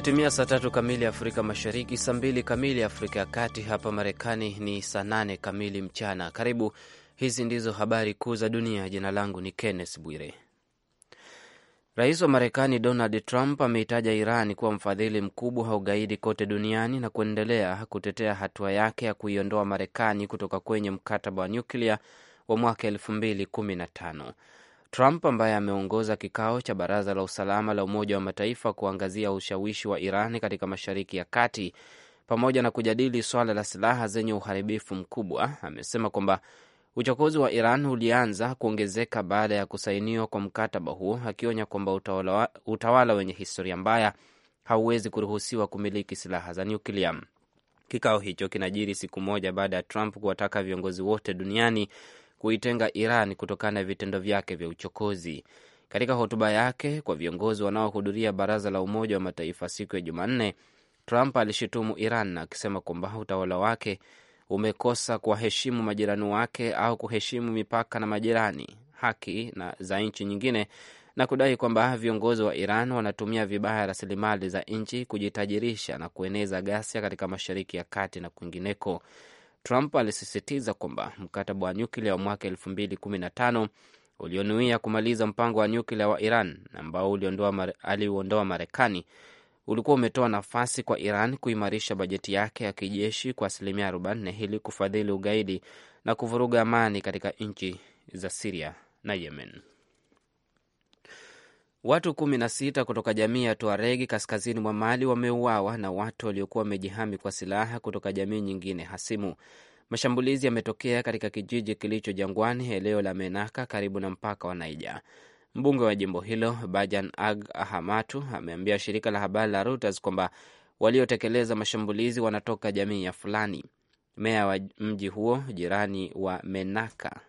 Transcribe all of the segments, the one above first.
Imetimia saa tatu kamili Afrika Mashariki, saa mbili kamili Afrika ya Kati. Hapa Marekani ni saa nane kamili mchana. Karibu, hizi ndizo habari kuu za dunia. Jina langu ni Kenneth Bwire. Rais wa Marekani Donald Trump ameitaja Iran kuwa mfadhili mkubwa wa ugaidi kote duniani na kuendelea kutetea hatua yake ya kuiondoa Marekani kutoka kwenye mkataba wa nyuklia wa mwaka el215 Trump ambaye ameongoza kikao cha Baraza la Usalama la Umoja wa Mataifa kuangazia ushawishi wa Iran katika Mashariki ya Kati pamoja na kujadili swala la silaha zenye uharibifu mkubwa, amesema kwamba uchokozi wa Iran ulianza kuongezeka baada ya kusainiwa kwa mkataba huo, akionya kwamba utawala, utawala wenye historia mbaya hauwezi kuruhusiwa kumiliki silaha za nyuklia. Kikao hicho kinajiri siku moja baada ya Trump kuwataka viongozi wote duniani kuitenga Iran kutokana na vitendo vyake vya uchokozi. Katika hotuba yake kwa viongozi wanaohudhuria baraza la Umoja wa Mataifa siku ya Jumanne, Trump alishutumu Iran akisema kwamba utawala wake umekosa kuwaheshimu majirani wake au kuheshimu mipaka na majirani, haki na za nchi nyingine na kudai kwamba viongozi wa Iran wanatumia vibaya rasilimali za nchi kujitajirisha na kueneza ghasia katika Mashariki ya Kati na kwingineko. Trump alisisitiza kwamba mkataba wa nyuklia wa mwaka 2015 ulionuia kumaliza mpango wa nyuklia wa Iran ambao aliuondoa Marekani ulikuwa umetoa nafasi kwa Iran kuimarisha bajeti yake ya kijeshi kwa asilimia 40 ili kufadhili ugaidi na kuvuruga amani katika nchi za Siria na Yemen. Watu kumi na sita kutoka jamii ya Tuaregi kaskazini mwa Mali wameuawa na watu waliokuwa wamejihami kwa silaha kutoka jamii nyingine hasimu. Mashambulizi yametokea katika kijiji kilicho jangwani, eneo la Menaka karibu na mpaka wa Naija. Mbunge wa jimbo hilo Bajan Ag Ahamatu ameambia shirika la habari la Reuters kwamba waliotekeleza mashambulizi wanatoka jamii ya Fulani. Meya wa mji huo jirani wa Menaka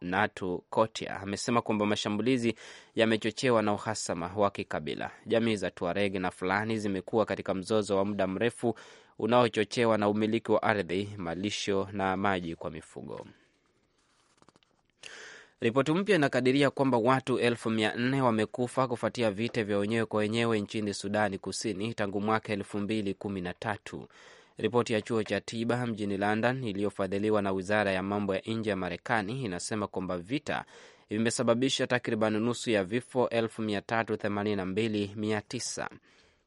Natu Kotia amesema kwamba mashambulizi yamechochewa na uhasama wa kikabila. Jamii za Tuareg na Fulani zimekuwa katika mzozo wa muda mrefu unaochochewa na umiliki wa ardhi, malisho na maji kwa mifugo. Ripoti mpya inakadiria kwamba watu elfu mia nne wamekufa kufuatia vita vya wenyewe kwa wenyewe nchini Sudani Kusini tangu mwaka elfu mbili kumi na tatu. Ripoti ya chuo cha tiba mjini London iliyofadhiliwa na wizara ya mambo ya nje ya Marekani inasema kwamba vita vimesababisha takriban nusu ya vifo 382,900.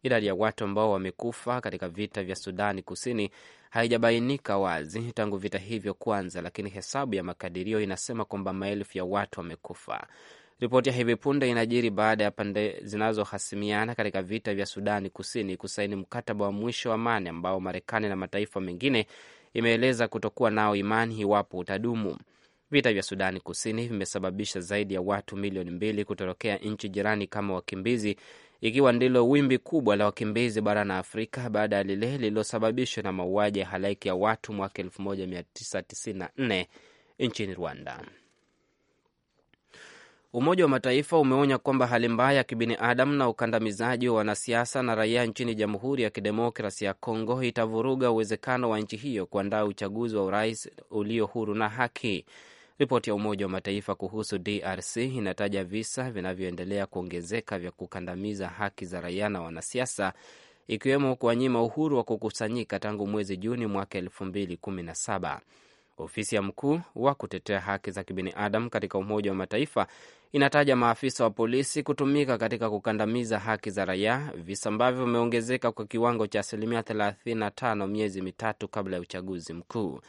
Idadi ya watu ambao wamekufa katika vita vya Sudani Kusini haijabainika wazi tangu vita hivyo kuanza, lakini hesabu ya makadirio inasema kwamba maelfu ya watu wamekufa. Ripoti ya hivi punde inajiri baada ya pande zinazohasimiana katika vita vya Sudani Kusini kusaini mkataba wa mwisho wa amani ambao Marekani na mataifa mengine imeeleza kutokuwa nao imani iwapo utadumu. Vita vya Sudani Kusini vimesababisha zaidi ya watu milioni mbili kutorokea nchi jirani kama wakimbizi, ikiwa ndilo wimbi kubwa la wakimbizi barani Afrika baada ya lile lililosababishwa na mauaji ya halaiki ya watu mwaka 1994 nchini Rwanda. Umoja wa Mataifa umeonya kwamba hali mbaya ya kibinadamu na ukandamizaji wa wanasiasa na raia nchini Jamhuri ya Kidemokrasi ya Kongo itavuruga uwezekano wa nchi hiyo kuandaa uchaguzi wa urais ulio huru na haki. Ripoti ya Umoja wa Mataifa kuhusu DRC inataja visa vinavyoendelea kuongezeka vya kukandamiza haki za raia na wanasiasa, ikiwemo kuwanyima uhuru wa kukusanyika tangu mwezi Juni mwaka 217 Ofisi ya mkuu wa kutetea haki za kibinadamu katika Umoja wa Mataifa inataja maafisa wa polisi kutumika katika kukandamiza haki za raia, visa ambavyo vimeongezeka kwa kiwango cha asilimia 35 miezi mitatu kabla ya uchaguzi mkuu.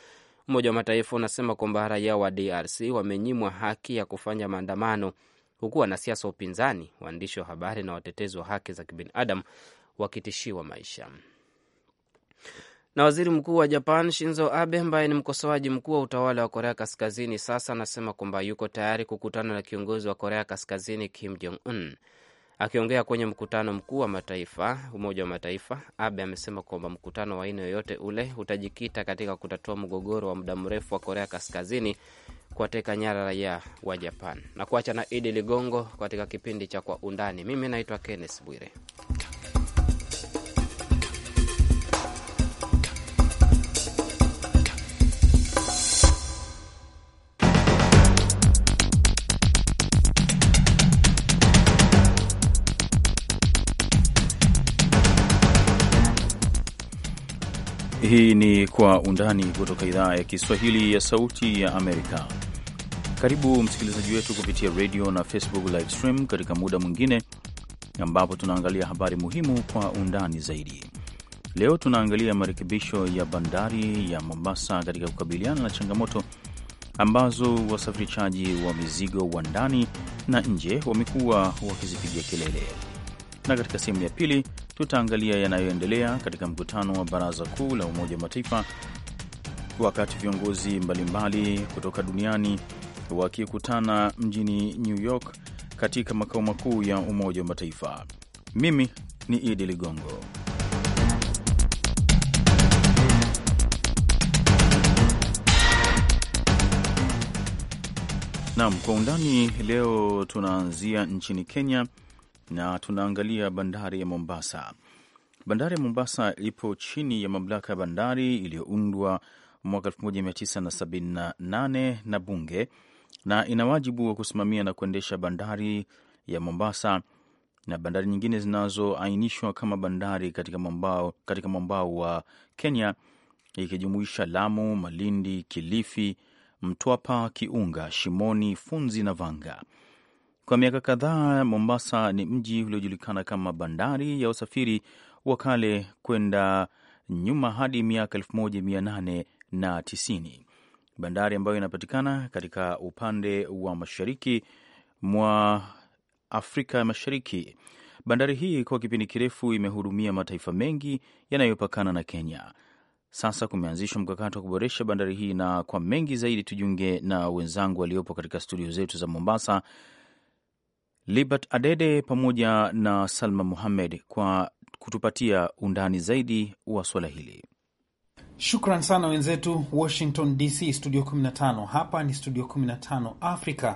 Umoja wa Mataifa unasema kwamba raia wa DRC wamenyimwa haki ya kufanya maandamano, huku wanasiasa wa upinzani, waandishi wa habari na watetezi wa haki za kibinadamu wakitishiwa maisha. Na waziri mkuu wa Japan Shinzo Abe, ambaye ni mkosoaji mkuu wa utawala wa Korea Kaskazini, sasa anasema kwamba yuko tayari kukutana na kiongozi wa Korea Kaskazini Kim Jong Un. Akiongea kwenye mkutano mkuu wa mataifa Umoja wa Mataifa, Abe amesema kwamba mkutano wa aina yoyote ule utajikita katika kutatua mgogoro wa muda mrefu wa Korea Kaskazini, kuwateka nyara raia wa Japan na kuacha na Idi Ligongo katika kipindi cha Kwa Undani. Mimi naitwa Kenneth Bwire. Hii ni Kwa Undani kutoka idhaa ya Kiswahili ya Sauti ya Amerika. Karibu msikilizaji wetu kupitia radio na Facebook live stream katika muda mwingine ambapo tunaangalia habari muhimu kwa undani zaidi. Leo tunaangalia marekebisho ya bandari ya Mombasa katika kukabiliana na changamoto ambazo wasafirishaji wa mizigo wa ndani na nje wamekuwa wakizipigia kelele, na katika sehemu ya pili tutaangalia yanayoendelea katika mkutano wa Baraza Kuu la Umoja wa Mataifa, wakati viongozi mbalimbali kutoka duniani wakikutana mjini New York katika makao makuu ya Umoja wa Mataifa. Mimi ni Idi Ligongo. Naam, kwa undani leo tunaanzia nchini Kenya na tunaangalia bandari ya Mombasa. Bandari ya Mombasa ipo chini ya mamlaka ya bandari iliyoundwa mwaka 1978 na Bunge, na ina wajibu wa kusimamia na kuendesha bandari ya Mombasa na bandari nyingine zinazoainishwa kama bandari katika mwambao katika mwambao wa Kenya, ikijumuisha Lamu, Malindi, Kilifi, Mtwapa, Kiunga, Shimoni, Funzi na Vanga. Kwa miaka kadhaa, Mombasa ni mji uliojulikana kama bandari ya usafiri wa kale kwenda nyuma hadi miaka tisini. bandari ambayo inapatikana katika upande wa mashariki mwa Afrika Mashariki. Bandari hii kwa kipindi kirefu imehudumia mataifa mengi yanayopakana na Kenya. Sasa kumeanzishwa mkakati wa kuboresha bandari hii, na kwa mengi zaidi tujiunge na wenzangu waliopo katika studio zetu za Mombasa Libert Adede pamoja na Salma Muhammed kwa kutupatia undani zaidi wa suala hili. Shukran sana wenzetu Washington DC, studio 15. Hapa ni studio 15 Africa,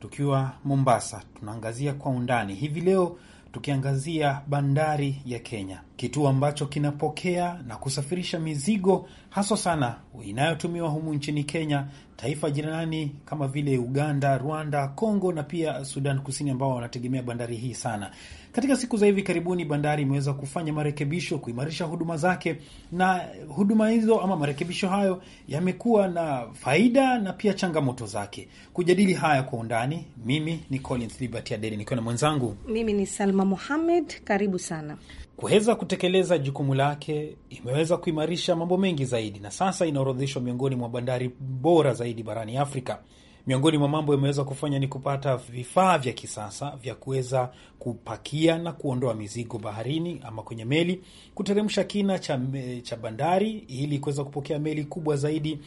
tukiwa Mombasa tunaangazia kwa undani hivi leo, tukiangazia bandari ya Kenya, kituo ambacho kinapokea na kusafirisha mizigo haswa sana inayotumiwa humu nchini Kenya, taifa jirani kama vile Uganda, Rwanda, congo na pia Sudan Kusini, ambao wanategemea bandari hii sana. Katika siku za hivi karibuni, bandari imeweza kufanya marekebisho, kuimarisha huduma zake, na huduma hizo ama marekebisho hayo yamekuwa na faida na pia changamoto zake. Kujadili haya kwa undani, mimi ni Collins Liberty Adede nikiwa na mwenzangu, mimi ni Salma Mohamed. Karibu sana kuweza kutekeleza jukumu lake, imeweza kuimarisha mambo mengi zaidi, na sasa inaorodheshwa miongoni mwa bandari bora zaidi barani Afrika. Miongoni mwa mambo imeweza kufanya ni kupata vifaa vya kisasa vya kuweza kupakia na kuondoa mizigo baharini ama kwenye meli, kuteremsha kina cha, cha bandari ili kuweza kupokea meli kubwa zaidi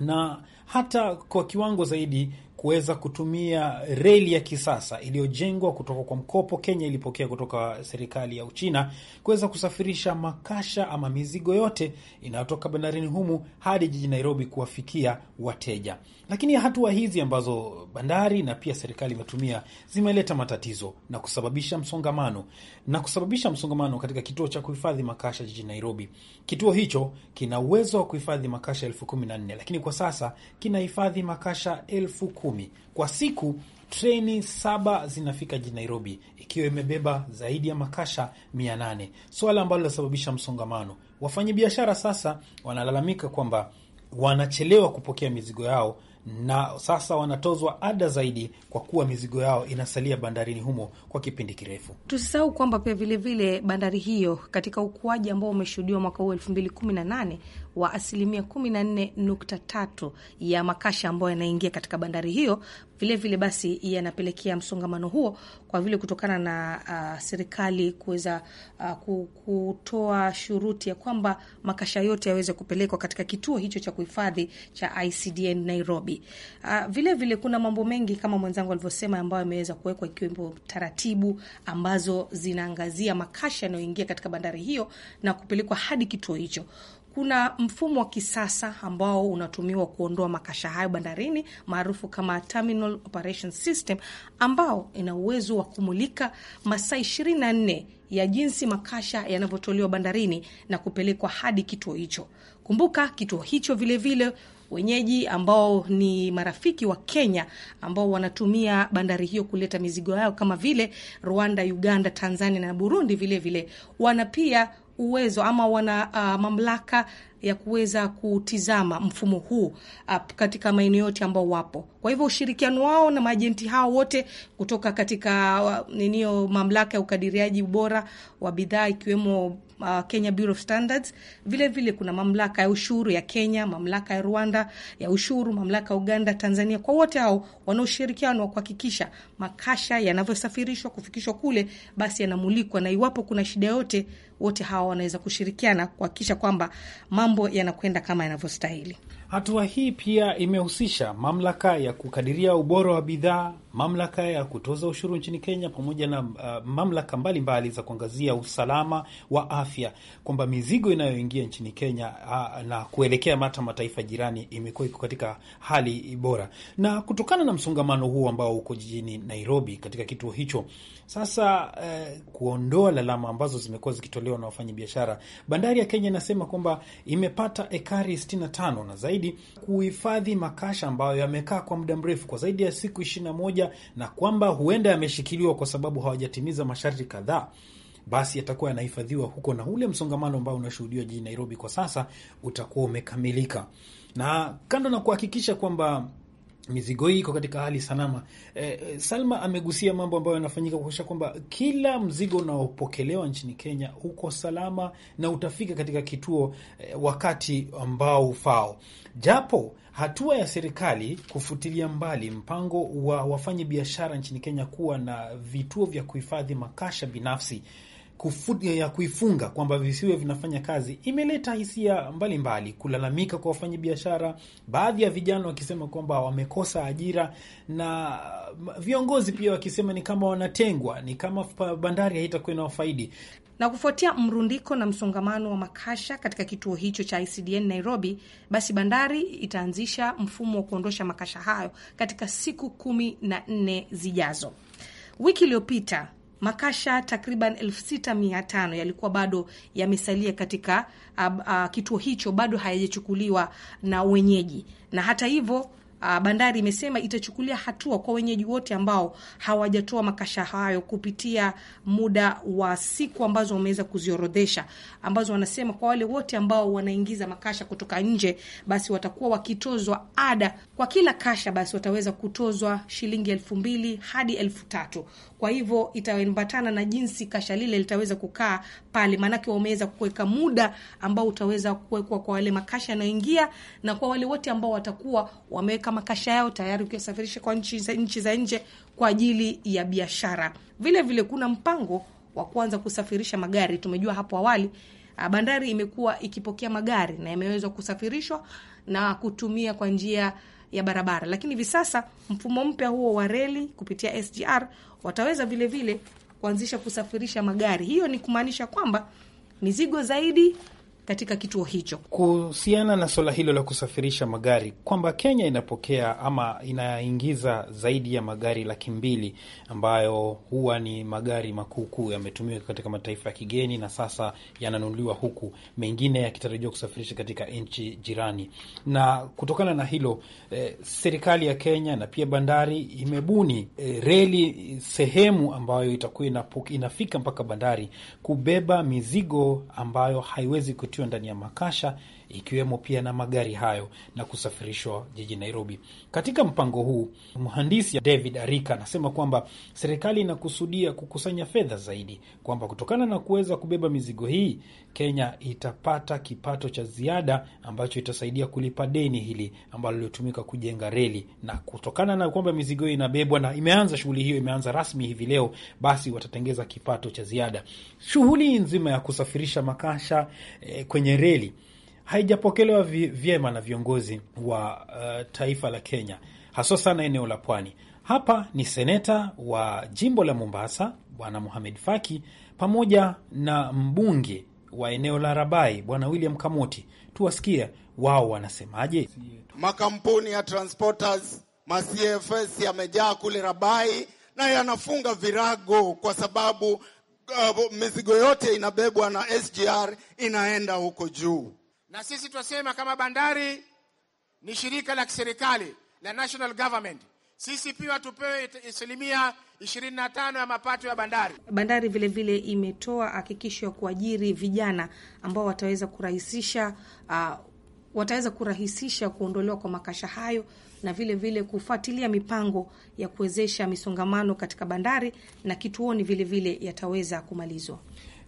na hata kwa kiwango zaidi kuweza kutumia reli ya kisasa iliyojengwa kutoka kwa mkopo Kenya ilipokea kutoka serikali ya Uchina kuweza kusafirisha makasha ama mizigo yote inayotoka bandarini humu hadi jiji Nairobi kuwafikia wateja. Lakini hatua hizi ambazo bandari na pia serikali imetumia zimeleta matatizo na kusababisha msongamano na kusababisha msongamano katika kituo cha kuhifadhi makasha jijini Nairobi. Kituo hicho kina uwezo wa kuhifadhi makasha elfu kumi na nne lakini kwa sasa kinahifadhi makasha elfu kumi kumi kwa siku. Treni saba zinafika jijini Nairobi ikiwa imebeba zaidi ya makasha mia nane swala ambalo linasababisha msongamano. Wafanyabiashara sasa wanalalamika kwamba wanachelewa kupokea mizigo yao na sasa wanatozwa ada zaidi kwa kuwa mizigo yao inasalia bandarini humo kwa kipindi kirefu. Tusisahau kwamba pia vilevile bandari hiyo katika ukuaji ambao umeshuhudiwa mwaka huu elfu mbili kumi na nane wa asilimia 14.3 ya makasha ambayo yanaingia katika bandari hiyo. Vilevile vile basi yanapelekea msongamano huo, kwa vile kutokana na uh, serikali kuweza uh, kutoa shuruti ya kwamba makasha yote yaweze kupelekwa katika kituo hicho cha kuhifadhi cha ICDN Nairobi. Vilevile uh, vile kuna mambo mengi kama mwenzangu alivyosema, ambayo yameweza kuwekwa ikiwemo taratibu ambazo zinaangazia makasha yanayoingia katika bandari hiyo na kupelekwa hadi kituo hicho kuna mfumo wa kisasa ambao unatumiwa kuondoa makasha hayo bandarini maarufu kama Terminal Operation System, ambao ina uwezo wa kumulika masaa ishirini na nne ya jinsi makasha yanavyotolewa bandarini na kupelekwa hadi kituo hicho. Kumbuka kituo hicho vilevile vile, wenyeji ambao ni marafiki wa Kenya ambao wanatumia bandari hiyo kuleta mizigo yao kama vile Rwanda, Uganda, Tanzania na Burundi vilevile vile, wana pia uwezo ama wana uh, mamlaka ya kuweza kutizama mfumo huu uh, katika maeneo yote ambao wapo kwa hivyo ushirikiano wao na maajenti hao wote kutoka katika uh, ninio mamlaka ya ukadiriaji ubora wa bidhaa ikiwemo uh, Kenya Bureau of Standards. Vile vile kuna mamlaka ya ushuru ya Kenya, mamlaka ya Rwanda ya ushuru, mamlaka ya Uganda, Tanzania. Kwa wote hao wana ushirikiano wa kuhakikisha makasha yanavyosafirishwa kufikishwa kule, basi yanamulikwa, na iwapo kuna shida yote, wote hawa wanaweza kushirikiana kuhakikisha kwamba mambo yanakwenda kama yanavyostahili. Hatua hii pia imehusisha mamlaka ya kukadiria ubora wa bidhaa mamlaka ya kutoza ushuru nchini Kenya pamoja na uh, mamlaka mbalimbali mbali za kuangazia usalama wa afya kwamba mizigo inayoingia nchini Kenya uh, na kuelekea hata mataifa jirani imekuwa iko katika hali bora, na kutokana na msongamano huu ambao uko jijini Nairobi katika kituo hicho sasa, uh, kuondoa lalama ambazo zimekuwa zikitolewa na wafanyabiashara, bandari ya Kenya inasema kwamba imepata ekari 65 na zaidi kuhifadhi makasha ambayo yamekaa kwa muda mrefu kwa zaidi ya siku 21 moja na kwamba huenda yameshikiliwa kwa sababu hawajatimiza masharti kadhaa, basi yatakuwa yanahifadhiwa huko na ule msongamano ambao unashuhudiwa jijini Nairobi kwa sasa utakuwa umekamilika. Na kando na kuhakikisha kwamba mizigo hii iko katika hali salama. Eh, eh, Salma amegusia mambo ambayo yanafanyika kuhakikisha kwamba kila mzigo unaopokelewa nchini Kenya uko salama na utafika katika kituo eh, wakati ambao ufao, japo hatua ya serikali kufutilia mbali mpango wa wafanyi biashara nchini Kenya kuwa na vituo vya kuhifadhi makasha binafsi kufuta, ya kuifunga kwamba visiwe vinafanya kazi imeleta hisia mbalimbali kulalamika kwa wafanyabiashara, baadhi ya vijana wakisema kwamba wamekosa ajira na viongozi pia wakisema ni kama wanatengwa, ni kama bandari haitakuwa inawafaidi na kufuatia mrundiko na msongamano wa makasha katika kituo hicho cha ICDN Nairobi, basi bandari itaanzisha mfumo wa kuondosha makasha hayo katika siku kumi na nne zijazo. Wiki iliyopita makasha takriban tano yalikuwa bado yamesalia katika a, ah, a, ah, kituo hicho bado hayajachukuliwa na wenyeji, na hata hivyo ah, bandari imesema itachukulia hatua kwa wenyeji wote ambao hawajatoa makasha hayo kupitia muda wa siku ambazo wameweza kuziorodhesha, ambazo wanasema kwa wale wote ambao wanaingiza makasha kutoka nje, basi watakuwa wakitozwa ada kwa kila kasha, basi wataweza kutozwa shilingi elfu mbili hadi elfu tatu kwa hivyo itaambatana na jinsi kasha lile litaweza kukaa pale, maanake wameweza kuweka muda ambao utaweza kuwekwa kwa wale makasha yanayoingia na kwa wale wote ambao watakuwa wameweka makasha yao tayari ukiwasafirisha kwa nchi za, nchi za nje kwa ajili ya biashara. Vile vile kuna mpango wa kuanza kusafirisha magari. Tumejua hapo awali ah, bandari imekuwa ikipokea magari na imeweza kusafirishwa na kutumia kwa njia ya barabara, lakini hivi sasa mfumo mpya huo wa reli kupitia SGR wataweza vilevile kuanzisha kusafirisha magari. Hiyo ni kumaanisha kwamba mizigo zaidi katika kituo hicho. Kuhusiana na suala hilo la kusafirisha magari, kwamba Kenya inapokea ama inaingiza zaidi ya magari laki mbili ambayo huwa ni magari makuukuu yametumiwa katika mataifa ya kigeni na sasa yananunuliwa huku, mengine yakitarajiwa kusafirisha katika nchi jirani. Na kutokana na hilo eh, serikali ya Kenya na pia bandari imebuni eh, reli sehemu ambayo itakuwa inafika mpaka bandari kubeba mizigo ambayo haiwezi yaliyotiwa ndani ya makasha ikiwemo pia na magari hayo na kusafirishwa jiji Nairobi. Katika mpango huu, mhandisi David Arika anasema kwamba serikali inakusudia kukusanya fedha zaidi, kwamba kutokana na kuweza kubeba mizigo hii, Kenya itapata kipato cha ziada ambacho itasaidia kulipa deni hili ambalo lilitumika kujenga reli, na kutokana na kwamba mizigo hiyo inabebwa na imeanza shughuli hiyo, imeanza rasmi hivi leo, basi watatengeza kipato cha ziada. Shughuli nzima ya kusafirisha makasha eh, kwenye reli haijapokelewa vyema na viongozi wa uh, taifa la Kenya, haswa sana eneo la pwani. Hapa ni seneta wa jimbo la Mombasa Bwana muhamed Faki pamoja na mbunge wa eneo la Rabai Bwana William Kamoti. Tuwasikie wao wanasemaje. Makampuni ya transporters ma CFS yamejaa kule Rabai na yanafunga virago kwa sababu uh, mizigo yote inabebwa na SGR inaenda huko juu na sisi tunasema kama bandari ni shirika la kiserikali la national government, sisi pia tupewe asilimia 25 ya mapato ya bandari. Bandari vilevile vile imetoa hakikisho ya kuajiri vijana ambao wataweza kurahisisha uh, wataweza kurahisisha kuondolewa kwa makasha hayo na vile vile kufuatilia mipango ya kuwezesha misongamano katika bandari na kituoni, vile vile yataweza kumalizwa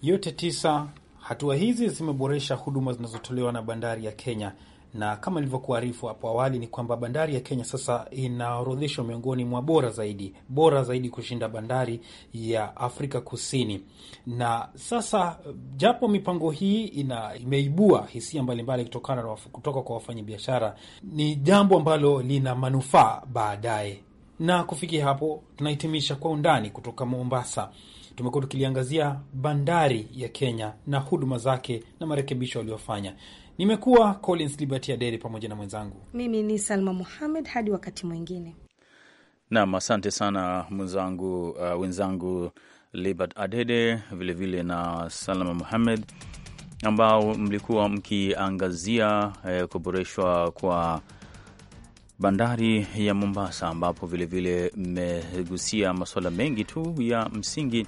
yote tisa. Hatua hizi zimeboresha huduma zinazotolewa na bandari ya Kenya, na kama ilivyokuarifu hapo awali ni kwamba bandari ya Kenya sasa inaorodheshwa miongoni mwa bora zaidi, bora zaidi kushinda bandari ya Afrika Kusini. Na sasa japo mipango hii ina, imeibua hisia mbalimbali kutokana na kutoka kwa wafanyabiashara, ni jambo ambalo lina manufaa baadaye. Na kufikia hapo tunahitimisha kwa undani kutoka Mombasa tumekuwa tukiliangazia bandari ya Kenya na huduma zake na marekebisho waliofanya. Nimekuwa Collins Liberty Aderi pamoja na mwenzangu, mimi ni Salma Muhamed. Hadi wakati mwingine. Nam, asante sana mwenzangu, uh, wenzangu Libert Adede vilevile vile na Salama Muhamed ambao mlikuwa mkiangazia eh, kuboreshwa kwa bandari ya Mombasa, ambapo vilevile mmegusia masuala mengi tu ya msingi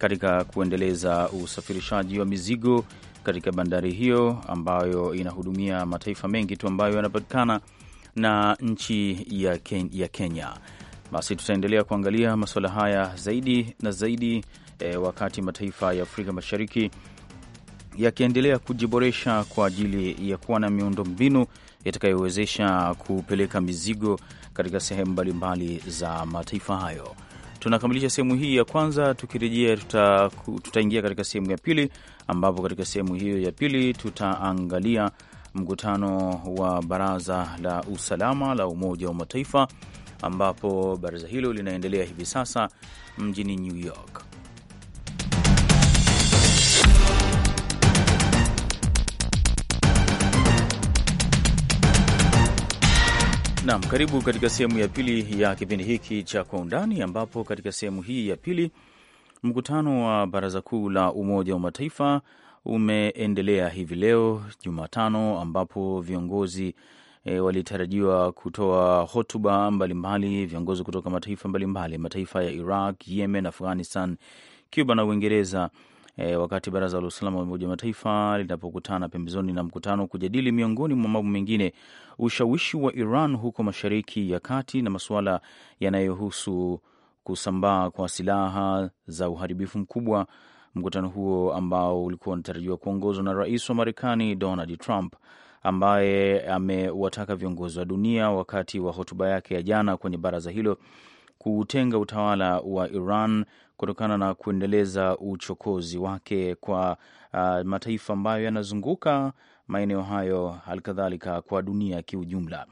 katika kuendeleza usafirishaji wa mizigo katika bandari hiyo ambayo inahudumia mataifa mengi tu ambayo yanapatikana na nchi ya, Ken ya Kenya. Basi tutaendelea kuangalia masuala haya zaidi na zaidi e, wakati mataifa ya Afrika Mashariki yakiendelea kujiboresha kwa ajili ya kuwa na miundombinu itakayowezesha kupeleka mizigo katika sehemu mbalimbali za mataifa hayo. Tunakamilisha sehemu hii ya kwanza. Tukirejea tuta, tutaingia katika sehemu ya pili, ambapo katika sehemu hiyo ya pili tutaangalia mkutano wa Baraza la Usalama la Umoja wa Mataifa, ambapo baraza hilo linaendelea hivi sasa mjini New York. Naam, karibu katika sehemu ya pili ya kipindi hiki cha Kwa Undani, ambapo katika sehemu hii ya pili mkutano wa Baraza Kuu la Umoja wa Mataifa umeendelea hivi leo Jumatano, ambapo viongozi e, walitarajiwa kutoa hotuba mbalimbali, viongozi kutoka mataifa mbalimbali, mataifa ya Iraq, Yemen, Afghanistan, Cuba na Uingereza e, wakati baraza la usalama wa Umoja wa Mataifa linapokutana pembezoni na mkutano kujadili miongoni mwa mambo mengine ushawishi wa Iran huko Mashariki ya Kati na masuala yanayohusu kusambaa kwa silaha za uharibifu mkubwa. Mkutano huo ambao ulikuwa unatarajiwa kuongozwa na rais wa Marekani Donald Trump ambaye amewataka viongozi wa dunia wakati wa hotuba yake ya jana kwenye baraza hilo kutenga utawala wa Iran kutokana na kuendeleza uchokozi wake kwa uh, mataifa ambayo yanazunguka maeneo hayo, halikadhalika kwa dunia kiujumla.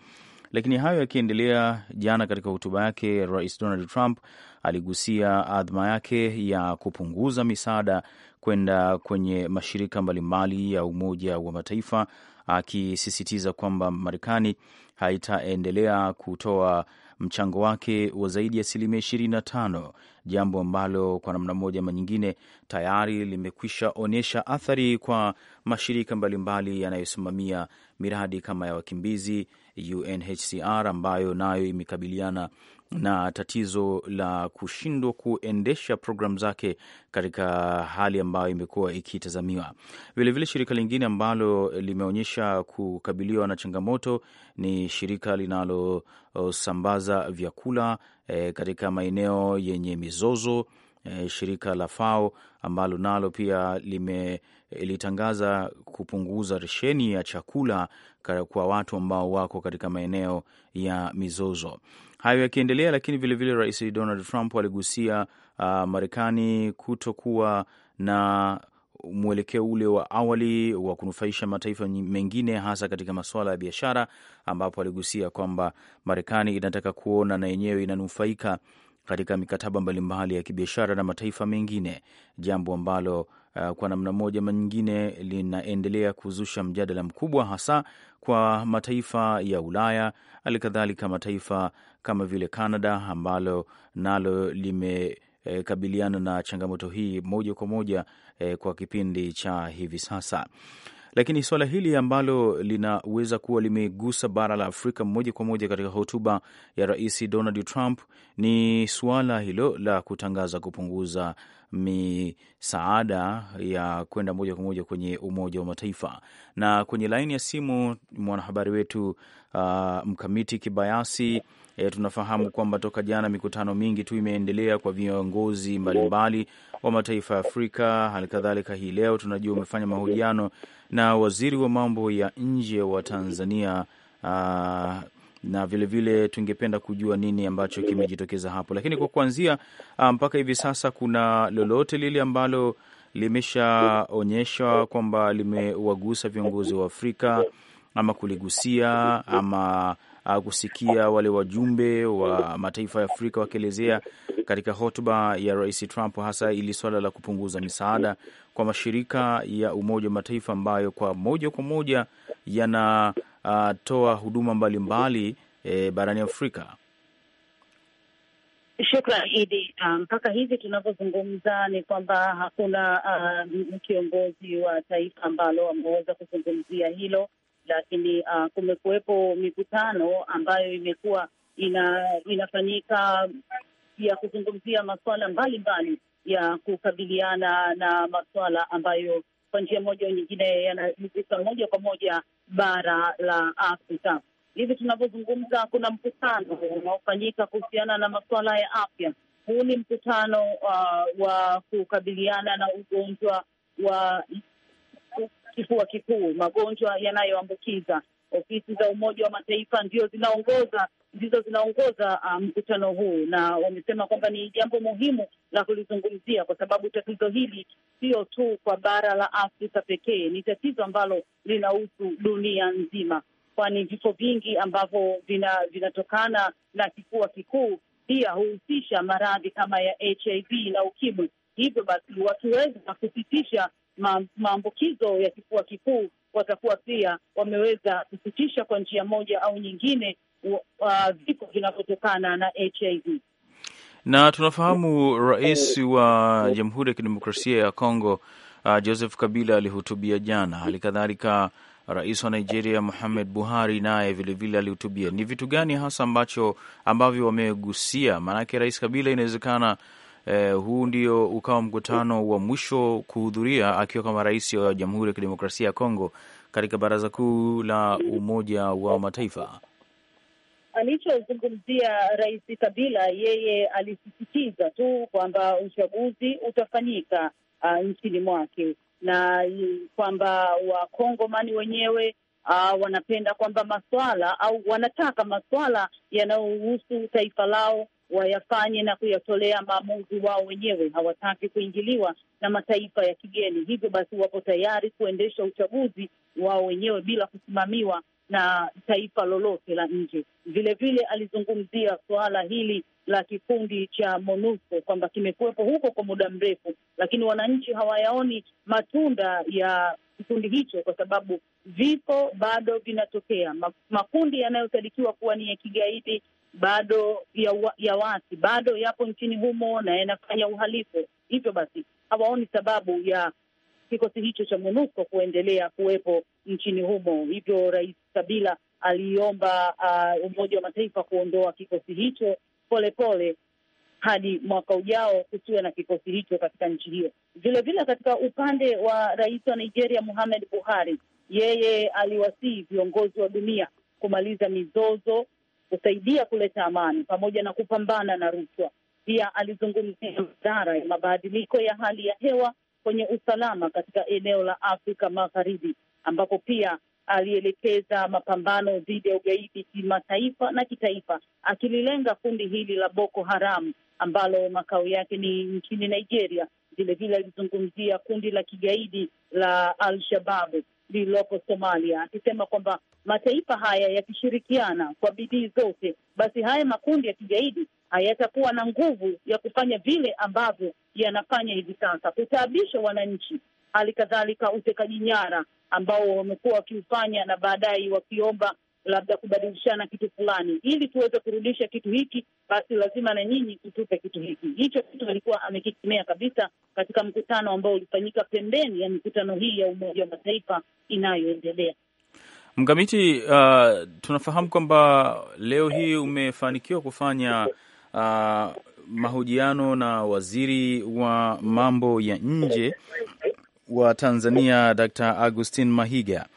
Lakini hayo yakiendelea, jana katika hotuba yake, Rais Donald Trump aligusia adhma yake ya kupunguza misaada kwenda kwenye mashirika mbalimbali ya Umoja wa Mataifa, akisisitiza kwamba Marekani haitaendelea kutoa mchango wake wa zaidi ya asilimia ishirini na tano jambo ambalo kwa namna moja ama nyingine tayari limekwisha onyesha athari kwa mashirika mbalimbali yanayosimamia miradi kama ya wakimbizi UNHCR ambayo nayo imekabiliana na tatizo la kushindwa kuendesha programu zake katika hali ambayo imekuwa ikitazamiwa. Vilevile, shirika lingine ambalo limeonyesha kukabiliwa na changamoto ni shirika linalosambaza vyakula e, katika maeneo yenye mizozo E, shirika la FAO ambalo nalo pia lime ilitangaza e, kupunguza resheni ya chakula kwa watu ambao wako katika maeneo ya mizozo. Hayo yakiendelea, lakini vilevile vile Rais Donald Trump aligusia uh, Marekani kutokuwa na mwelekeo ule wa awali wa kunufaisha mataifa mengine hasa katika masuala ya biashara, ambapo aligusia kwamba Marekani inataka kuona na yenyewe inanufaika katika mikataba mbalimbali ya kibiashara na mataifa mengine, jambo ambalo uh, kwa namna moja ama nyingine linaendelea kuzusha mjadala mkubwa hasa kwa mataifa ya Ulaya, halikadhalika mataifa kama vile Canada ambalo nalo lime eh, kabiliana na changamoto hii moja kwa moja eh, kwa kipindi cha hivi sasa. Lakini suala hili ambalo linaweza kuwa limegusa bara la Afrika moja kwa moja katika hotuba ya Rais Donald Trump ni suala hilo la kutangaza kupunguza misaada ya kwenda moja kwa moja kwenye Umoja wa Mataifa. Na kwenye laini ya simu mwanahabari wetu uh, Mkamiti Kibayasi. E, tunafahamu kwamba toka jana mikutano mingi tu imeendelea kwa viongozi mbalimbali wa mataifa ya Afrika. Halikadhalika hii leo tunajua umefanya mahojiano na waziri wa mambo ya nje wa Tanzania uh, na vilevile tungependa kujua nini ambacho kimejitokeza hapo, lakini kwa kuanzia ah, mpaka hivi sasa kuna lolote lile ambalo limeshaonyesha kwamba limewagusa viongozi wa Afrika ama kuligusia ama uh, kusikia wale wajumbe wa mataifa ya Afrika wakielezea katika hotuba ya Rais Trump hasa ili swala la kupunguza misaada kwa mashirika ya Umoja wa Mataifa ambayo kwa moja kwa moja yanatoa ah, uh, huduma mbalimbali mbali, eh, barani Afrika. Shukran Idi. Ah, mpaka um, hivi tunavyozungumza ni kwamba hakuna um, kiongozi wa taifa ambalo ameweza kuzungumzia hilo lakini uh, kumekuwepo mikutano ambayo imekuwa ina, inafanyika ya kuzungumzia masuala mbalimbali ya kukabiliana na masuala ambayo kwa njia moja au nyingine yanahusika moja kwa moja bara la Afrika. Hivi tunavyozungumza, kuna mkutano unaofanyika kuhusiana na masuala ya afya. Huu ni mkutano uh, wa kukabiliana na ugonjwa wa kifua kikuu, magonjwa yanayoambukiza. Ofisi za Umoja wa Mataifa ndio zinaongoza ndizo zinaongoza uh, mkutano um, huu, na wamesema kwamba ni jambo muhimu la kulizungumzia kwa sababu tatizo hili sio tu kwa bara la Afrika pekee, ni tatizo ambalo linahusu dunia nzima, kwani vifo vingi ambavyo vinatokana vina na kifua kikuu pia huhusisha maradhi kama ya HIV na UKIMWI. Hivyo basi, watu wengi na kusitisha maambukizo ya kifua kikuu watakuwa pia wameweza kusitisha kwa njia moja au nyingine uh, vinavyotokana na HIV na tunafahamu rais wa Jamhuri ya Kidemokrasia ya Kongo uh, Joseph Kabila alihutubia jana, hali kadhalika rais wa Nigeria Muhammad Buhari naye vilevile alihutubia. Ni vitu gani hasa ambacho ambavyo wamegusia? Maanake rais Kabila inawezekana eh, huu ndio ukawa mkutano wa mwisho kuhudhuria akiwa kama rais wa Jamhuri ya Kidemokrasia ya Kongo katika Baraza Kuu la Umoja wa Mataifa. Alichozungumzia Rais Kabila, yeye alisisitiza tu kwamba uchaguzi utafanyika uh, nchini mwake na kwamba Wakongomani wenyewe uh, wanapenda kwamba maswala au wanataka maswala yanayohusu taifa lao wayafanye na kuyatolea maamuzi wao wenyewe. Hawataki kuingiliwa na mataifa ya kigeni, hivyo basi wapo tayari kuendesha uchaguzi wao wenyewe bila kusimamiwa na taifa lolote la nje. Vilevile alizungumzia suala hili la kikundi cha MONUSCO kwamba kimekuwepo huko kwa muda mrefu, lakini wananchi hawayaoni matunda ya kikundi hicho kwa sababu vifo bado vinatokea. Makundi yanayosadikiwa kuwa ni ya kigaidi bado ya, ya wasi bado yapo nchini humo na yanafanya uhalifu. Hivyo basi hawaoni sababu ya kikosi hicho cha MONUSCO kuendelea kuwepo nchini humo. Hivyo Rais Kabila aliomba uh, Umoja wa Mataifa kuondoa kikosi hicho polepole hadi mwaka ujao kusiwe na kikosi hicho katika nchi hiyo. Vilevile katika upande wa rais wa Nigeria Muhammad Buhari, yeye aliwasihi viongozi wa dunia kumaliza mizozo kusaidia kuleta amani pamoja na kupambana na rushwa. Pia alizungumzia madhara ya mabadiliko ya hali ya hewa kwenye usalama katika eneo la Afrika Magharibi, ambapo pia alielekeza mapambano dhidi ya ugaidi kimataifa na kitaifa, akililenga kundi hili la Boko Haram ambalo makao yake ni nchini Nigeria. Vilevile alizungumzia kundi la kigaidi la Al-Shababu lililoko Somalia, akisema kwamba mataifa haya yakishirikiana kwa bidii zote, basi haya makundi ya kigaidi hayatakuwa na nguvu ya kufanya vile ambavyo yanafanya hivi sasa, kutaabisha wananchi, hali kadhalika utekaji nyara ambao wamekuwa wakiufanya na baadaye wakiomba labda kubadilishana kitu fulani, ili tuweze kurudisha kitu hiki, basi lazima na nyinyi tutupe kitu hiki. Hicho kitu alikuwa amekikemea kabisa katika mkutano ambao ulifanyika pembeni ya mikutano hii ya Umoja wa Mataifa inayoendelea. Mkamiti, uh, tunafahamu kwamba leo hii umefanikiwa kufanya uh, mahojiano na waziri wa mambo ya nje wa Tanzania Dr. Augustine Mahiga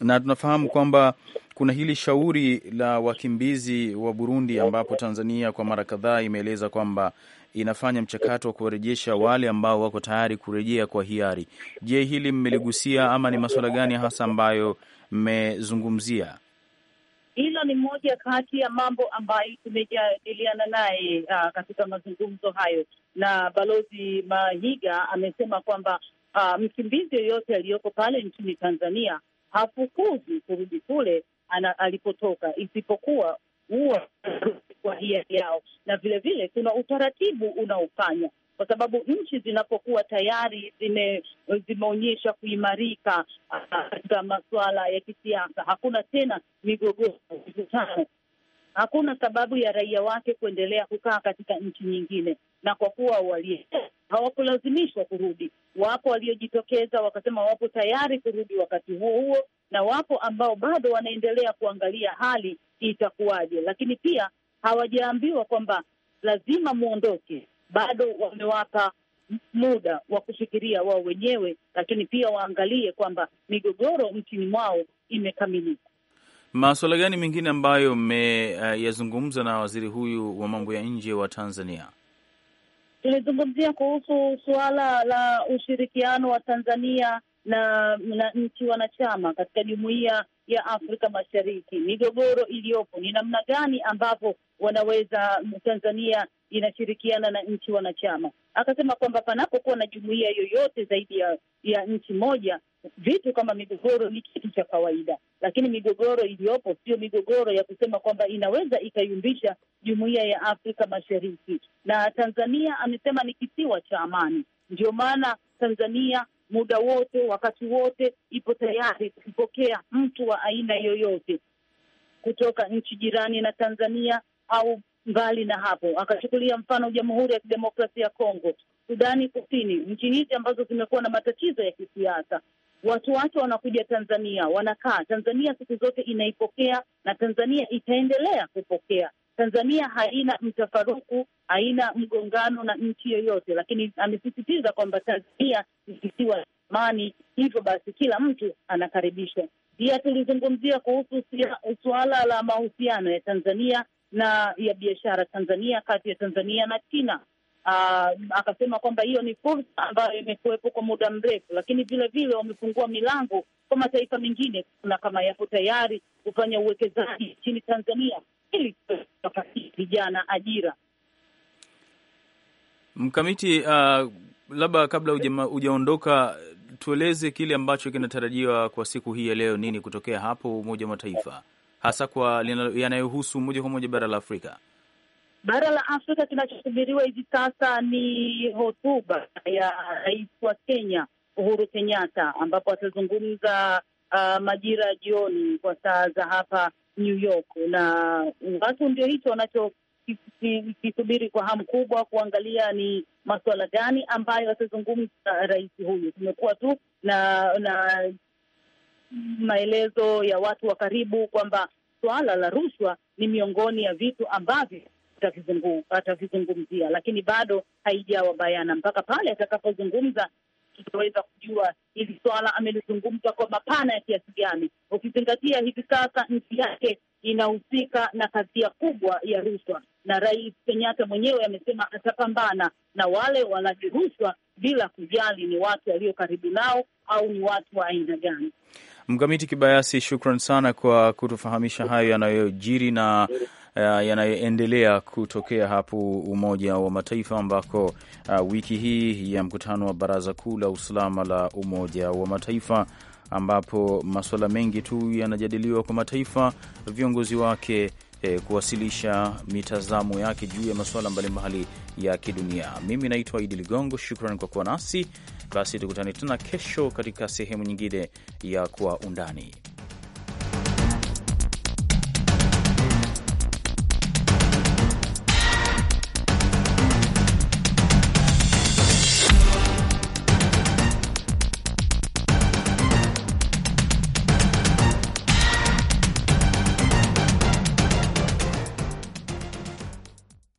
na tunafahamu kwamba kuna hili shauri la wakimbizi wa Burundi ambapo Tanzania kwa mara kadhaa imeeleza kwamba inafanya mchakato wa kuwarejesha wale ambao wako tayari kurejea kwa hiari. Je, hili mmeligusia ama ni masuala gani hasa ambayo mmezungumzia? Hilo ni moja kati ya mambo ambayo tumejadiliana naye ah, katika mazungumzo hayo, na Balozi Mahiga amesema kwamba ah, mkimbizi yoyote aliyoko pale nchini Tanzania hafukuzi kurudi kule alipotoka, isipokuwa huwa kwa hiari yao, na vilevile kuna utaratibu unaofanya kwa sababu nchi zinapokuwa tayari zime, zimeonyesha kuimarika ah, katika masuala ya kisiasa, hakuna tena migogoro, mivutano, hakuna sababu ya raia wake kuendelea kukaa katika nchi nyingine na kwa kuwa wali hawakulazimishwa kurudi. Wapo waliojitokeza wakasema wapo tayari kurudi wakati huo huo, na wapo ambao bado wanaendelea kuangalia hali itakuwaje, lakini pia hawajaambiwa kwamba lazima mwondoke Bado wamewapa muda wa kufikiria wao wenyewe, lakini pia waangalie kwamba migogoro nchini mwao imekamilika. maswala gani mengine ambayo mmeyazungumza uh, na waziri huyu wa mambo ya nje wa Tanzania? Tulizungumzia kuhusu suala la ushirikiano wa Tanzania na na nchi wanachama katika jumuiya ya Afrika Mashariki, migogoro iliyopo ni namna gani ambavyo wanaweza Tanzania inashirikiana na nchi wanachama. Akasema kwamba panapokuwa na jumuiya yoyote zaidi ya, ya nchi moja vitu kama migogoro ni kitu cha kawaida, lakini migogoro iliyopo sio migogoro ya kusema kwamba inaweza ikayumbisha jumuiya ya Afrika Mashariki. Na Tanzania amesema ni kisiwa cha amani, ndio maana Tanzania muda wote, wakati wote ipo tayari kupokea mtu wa aina yoyote kutoka nchi jirani na Tanzania au mbali na hapo. Akachukulia mfano Jamhuri ya Kidemokrasia ya Kongo, Sudani Kusini, nchi hizi ambazo zimekuwa na matatizo ya kisiasa, watu wake wanakuja Tanzania, wanakaa Tanzania, siku zote inaipokea na Tanzania itaendelea kupokea. Tanzania haina mtafaruku, haina mgongano na nchi yoyote, lakini amesisitiza kwamba Tanzania ni kisiwa amani, hivyo basi kila mtu anakaribishwa. Pia tulizungumzia kuhusu suala la mahusiano ya Tanzania na ya biashara Tanzania, kati ya Tanzania na China Uh, akasema kwamba hiyo ni fursa ambayo imekuwepo kwa muda mrefu, lakini vile vile wamefungua milango kwa mataifa mengine na kama yapo tayari kufanya uwekezaji nchini Tanzania ili vijana ajira. Mkamiti, uh, labda kabla hujaondoka tueleze kile ambacho kinatarajiwa kwa siku hii ya leo, nini kutokea hapo Umoja wa Mataifa, hasa kwa yanayohusu moja kwa moja bara la Afrika. Bara la Afrika, kinachosubiriwa hivi sasa ni hotuba ya rais wa Kenya Uhuru Kenyatta, ambapo atazungumza uh, majira ya jioni kwa saa za hapa New York, na watu ndio hicho wanachokisubiri kwa hamu kubwa, kuangalia ni masuala gani ambayo atazungumza rais huyu. Tumekuwa tu na na maelezo ya watu wa karibu kwamba suala la rushwa ni miongoni ya vitu ambavyo atavizungumzia lakini bado haijawa bayana. Mpaka pale atakapozungumza tutaweza kujua hili swala amelizungumza kwa mapana ya kiasi gani, ukizingatia hivi sasa nchi yake inahusika na kadhia kubwa ya rushwa, na Rais Kenyatta mwenyewe amesema atapambana na wale walaji rushwa bila kujali ni watu walio karibu nao au ni watu wa aina gani? Mkamiti Kibayasi, shukran sana kwa kutufahamisha hayo yanayojiri na uh, yanayoendelea kutokea hapo Umoja wa Mataifa ambako uh, wiki hii ya mkutano wa Baraza Kuu la Usalama la Umoja wa Mataifa ambapo masuala mengi tu yanajadiliwa kwa mataifa viongozi wake eh, kuwasilisha mitazamo yake juu ya masuala mbalimbali ya kidunia. Mimi naitwa Idi Ligongo, shukran kwa kuwa nasi. Basi tukutane tena kesho katika sehemu nyingine ya Kwa Undani.